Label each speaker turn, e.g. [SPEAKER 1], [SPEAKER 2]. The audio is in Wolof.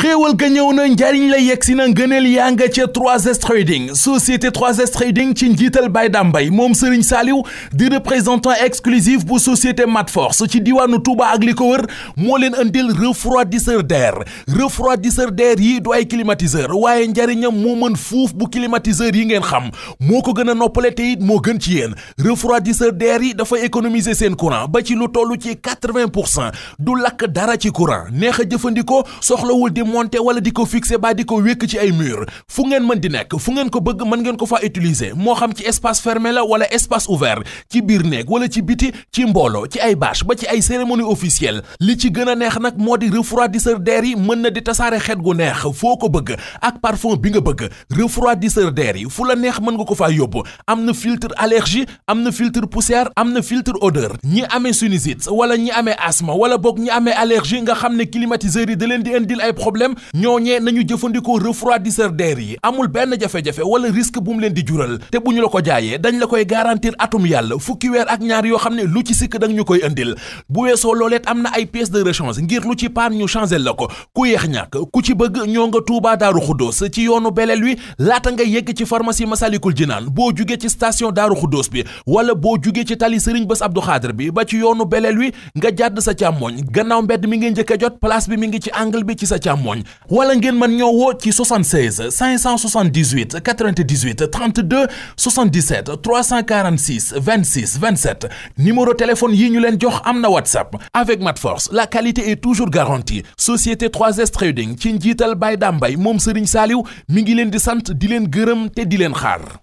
[SPEAKER 1] xéewal ga ñëw na njariñ la yegsi na ngëneel yaa nga ca 3S trading société 3S trading ci njiital Baye Dambay moom Serigne Saliou di représentant exclusif bu société Matforce ci diwaanu Touba ak li ko wër moo leen andil refroidisseur d'air refroidisseur d'air yi du ay climatiseur waaye njariñam moo mën fuuf bu climatiseur yi ngeen xam moo ko gën a noppale te it moo gën ci yéen refroidisseur d'air yi dafa économiser seen courant ba ci lu toll ci 80 pour cent du lakk dara ci courant neex a jëfandikoo monter wala di ko fixer ba di ko wékk ci ay mur fu ngeen mën di nekk fu ngeen ko bëgg man ngeen ko faa utiliser moo xam ci espace fermé la wala espace ouvert ci biir néeg wala ci biti ci mbooloo ci ay bâche ba ci ay cérémonie officielle li ci gën a neex nag moo di refroidisseur d'air yi mën na di tasaare xet gu neex foo ko bëgg ak parfum bi nga bëgg refroidisseur d'air yi fu la neex mën nga ko faa yóbbu am na filtre allergie am na filtre poussière am na filtre odeur ñi amee sinusite wala ñi amee asthme wala boog ñi amee problème ñooñee nañu jëfandikoo refroidisseur d'air yi amul benn jafe wala risque bu leen di jural te bu ñu la ko jaayee dañ la koy garantir atum yàlla fukki weer ak ñaar yoo xam ne lu ci sikk dang ñu koy indil bu weesoo looleet am na ay pièces de rechange ngir lu ci paan ñu changer la ko ku yeex ñàkk ku ci bëgg ñoo nga Touba Daaru Xuddoos ci yoonu beleel wi laata nga yegg ci pharmacie Masalikul Jinaan boo jugee ci station Daaru Xuddoos bi wala boo jugee ci tali sëriñ Bass Abdou Khadre bi ba ci yoonu beleel wi nga jàdd sa càmmooñ gannaaw mbedd mi ngay jëkk a jot place bi mi ngi ci angle bi ci sa càmmooñ làmmoñ wala ngeen mën ñoo woo ci 76 578 98 32 77 346 26 27 numéro téléphone yi ñu leen jox am na WhatsApp avec Matforce la qualité est toujours garantie société 3S trading ci njiital Baye Dambay moom Serigne Saliou mi ngi leen di sant di leen gërëm te di leen xaar.